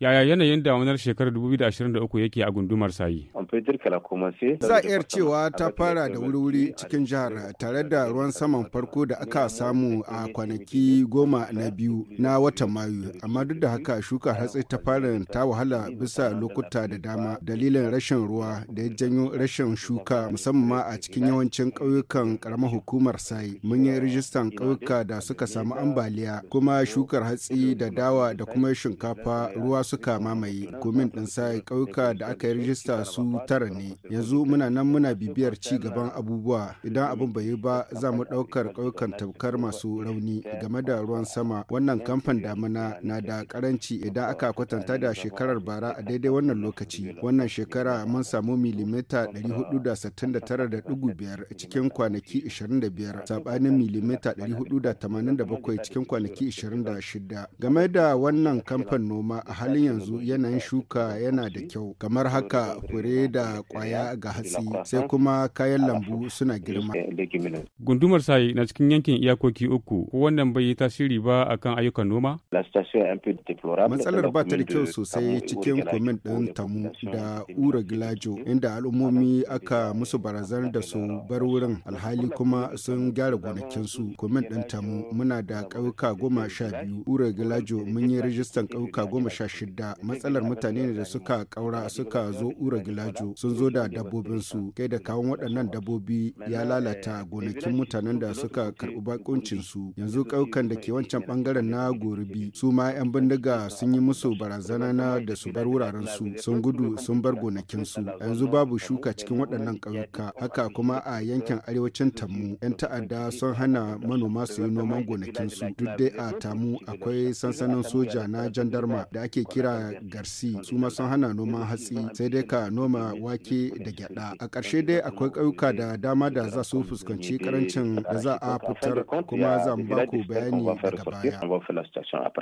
Yaya yanayin damunar shekarar 2023 yake a gundumar sayi? Za iya cewa ta fara da wuri-wuri cikin jihar tare da ruwan saman farko da aka samu a kwanaki goma na biyu na watan Mayu. Amma duk da haka shuka hatsi ta fara ta wahala bisa lokuta da dama dalilin rashin ruwa da ya janyo rashin shuka musamman a cikin yawancin ƙauyukan ƙaramar hukumar sayi. Mun yi rijistan ƙauyuka da suka samu ambaliya kuma shukar hatsi da dawa da kuma shinkafa ruwa suka mamaye gomin ɗin sai ƙauyuka da aka yi rijista su tara ne yanzu muna nan muna bibiyar ci gaban abubuwa idan abin bai yi ba za mu ɗaukar ƙauyukan tabkar masu rauni game da ruwan sama wannan kamfan damana na da karanci idan aka kwatanta da shekarar bara a daidai wannan lokaci wannan shekara mun samu milimita 469.5 cikin kwanaki 25 sabanin milimita 487 cikin kwanaki 26 game da wannan kamfan noma a halin halin yanzu yanayin shuka yana da kyau kamar haka fure da kwaya ga hatsi sai kuma kayan lambu suna girma. Gundumar sai na cikin yankin iyakoki uku ko wannan bai yi tasiri ba akan ayyukan noma? Matsalar ba ta da kyau sosai cikin komin ɗin tamu da ura gilajo inda al'ummomi aka musu barazan da su bar wurin alhali kuma sun gyara gonakinsu kumin ɗin tamu muna da ƙauyuka goma sha biyu ura gilajo mun yi rajistan ƙauyuka goma sha shida shidda matsalar mutane ne da suka kaura suka zo ura gilajo sun zo da dabbobinsu kai da kawon waɗannan dabbobi ya lalata gonakin mutanen da suka karɓi bakuncinsu yanzu ƙaukan da ke wancan ɓangaren na goribi su ma 'yan bindiga sun yi musu barazana na da su bar wuraren su sun gudu sun bar gonakinsu yanzu babu shuka cikin waɗannan ƙauyuka haka kuma a yankin arewacin tamu 'yan ta'adda sun hana manoma su yi noman gonakinsu duk dai a tamu akwai sansanin soja na jandarma da ake kira garsi su ma sun hana noman hatsi sai dai ka noma wake da gyada a ƙarshe dai akwai ƙauyuka da dama da za su fuskanci karancin da za a fitar kuma zan ba ku bayani daga baya